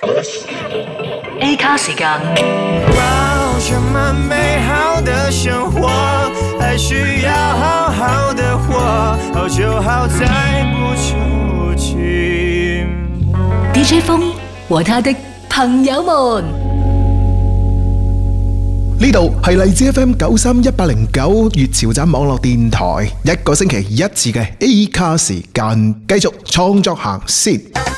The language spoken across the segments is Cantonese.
A 咖時間。D J 桻和他的朋友們，呢度係荔枝 F M 九三一零九粵潮站網絡電台，一個星期一次嘅 A 咖時間，繼續創作行先。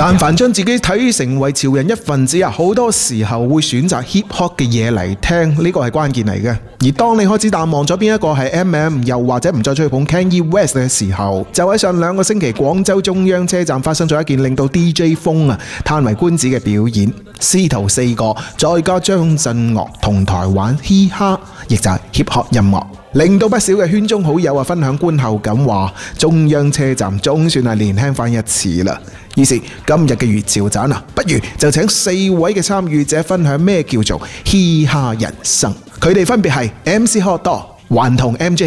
但凡將自己睇成為潮人一份子啊，好多時候會選擇 hip hop 嘅嘢嚟聽，呢個係關鍵嚟嘅。而當你開始淡忘咗邊一個係 MM，又或者唔再追捧 Kanye West 嘅時候，就喺上兩個星期，廣州中央車站發生咗一件令到 DJ 桻啊，歎為觀止嘅表演。師徒四個再加張震岳同台玩嘻哈，亦就係 hip hop 音樂。令到不少嘅圈中好友啊，分享觀後感話，中央車站總算係年輕翻一次啦。於是今日嘅粵潮站啊，不如就請四位嘅參與者分享咩叫做嘻哈人生。佢哋分別係 MC Hotdog、頑童 MJ116。